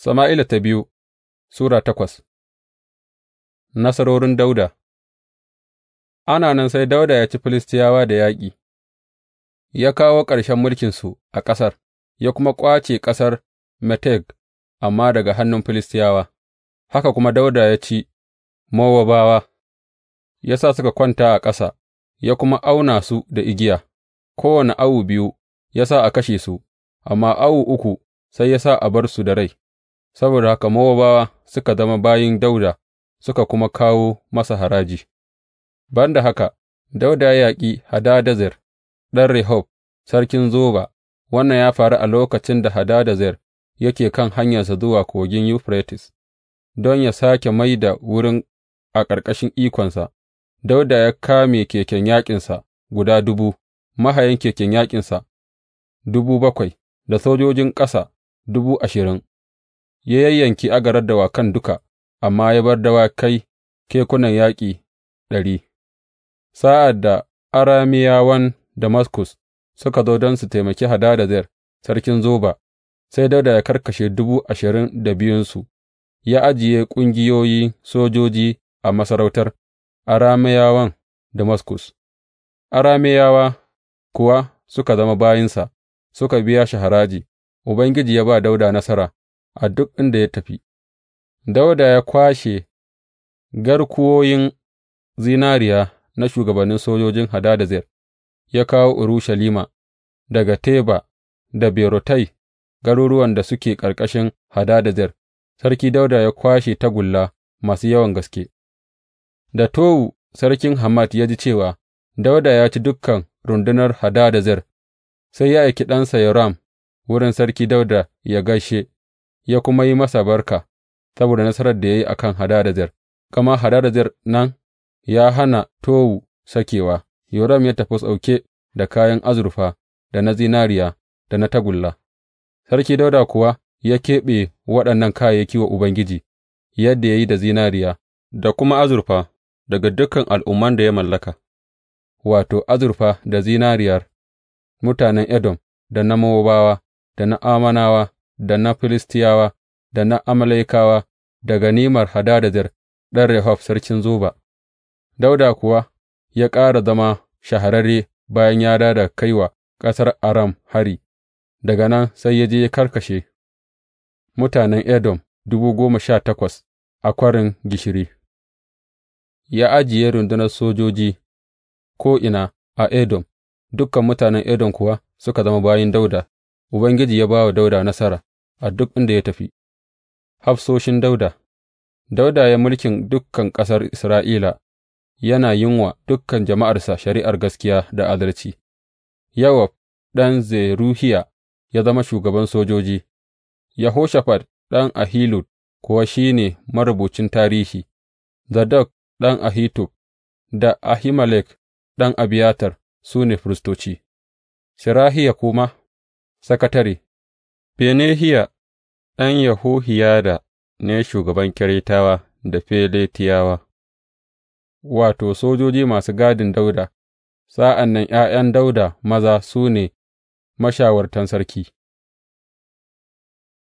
Sama'ila ta biyu Sura takwas Nasarorin Dauda Ana nan sai Dauda ya ci Filistiyawa da yaƙi, ya kawo ƙarshen mulkinsu a ƙasar, ya kuma ƙwace ƙasar Meteg, amma daga hannun Filistiyawa, haka kuma Dauda ya ci Mowabawa, ya sa suka kwanta a ƙasa, ya kuma auna su da igiya, kowane awu biyu ya sa a kashe su, amma awu uku sai ya sa a bar su da rai. saboda haka Mowabawa suka zama bayin Dauda suka kuma kawo masa haraji, ban da haka, Dauda ya yaƙi Hadadezer ɗan Rehob, sarkin Zoba, wannan ya faru a lokacin da Hadadezer yake kan hanyarsa zuwa kogin Yuferites don ya sake mai da wurin a ƙarƙashin ikonsa, Dauda ya kame keken yaƙinsa guda dubu, mahayan keken yaƙinsa dubu bakwai da sojojin ƙasa dubu ashirin. ya yayyanke agarar dawakan duka, amma ya bar dawakai kekunan yaƙi ɗari. Sa'ad da Arameyawan Damaskus suka zo don su taimaki Hadadezer sarkin Zoba, sai dauda ya karkashe dubu ashirin da biyunsu, ya ajiye ƙungiyoyi sojoji a masarautar Arameyawan Damaskus. Arameyawa kuwa suka zama bayinsa, suka biya shi haraji, Ubangiji ya ba dauda nasara a duk inda ya tafi, Dauda ya kwashe garkuwoyin zinariya na shugabannin sojojin Hadadezer ya kawo Urushalima daga Teba da Berotai, garuruwan da suke ƙarƙashin Hadadezer, Sarki Dauda ya kwashe tagulla masu yawan gaske. Da Towu sarkin Hamat ya ji cewa Dauda ya ci dukkan rundunar Hadadezer, sai ya aiki ɗansa Yoram wurin Sarki Dauda ya gaishe. ya kuma yi masa barka saboda nasarar da ya yi a kan hadadazar gama hadadazar nan ya hana Towu sakewa, Yoram ya tafi sauke da kayan azurfa, da na zinariya, da na tagulla. Sarki Dauda kuwa ya keɓe waɗannan kayayyaki wa Ubangiji, yadda ya yi da zinariya, da kuma azurfa daga dukan al'umman da ya mallaka, wato, azurfa da zinariyar mutanen Edom, da na Mowabawa, da na amanawa. da na Filistiyawa, da na Amalekawa, da ganimar Hadadezer ɗan Rehob sarkin Zoba, Dauda kuwa ya ƙara zama shahararre bayan ya dada kaiwa kai wa ƙasar Aram hari, daga nan sai ya je ya karkashe mutanen Edom dubu goma sha takwas a Kwarin Gishiri, ya ajiye rundunar sojoji ko'ina a Edom, dukan mutanen Edom kuwa suka zama bayan Dauda. Ubangiji ya ba wa dauda nasara. a duk inda ya tafi, hafsoshin Dauda Dauda ya mulkin dukan ƙasar Isra'ila, yana yin wa dukan jama'arsa shari'ar gaskiya da adalci, Yawab ɗan Zeruhiya ya zama shugaban sojoji, Yahoshafat ɗan Ahilud kuwa shi ne marubucin tarihi, Zadok ɗan Ahitub da ahimalek ɗan Abiyatar su ne firistoci, Shirahiya kuma sakatare, Benahiya ɗan Yehohiyada ne shugaban Keretawa da Feletiyawa, wato, sojoji masu gadin Dauda, sa'an nan ’ya'yan Dauda maza su ne mashawartan sarki.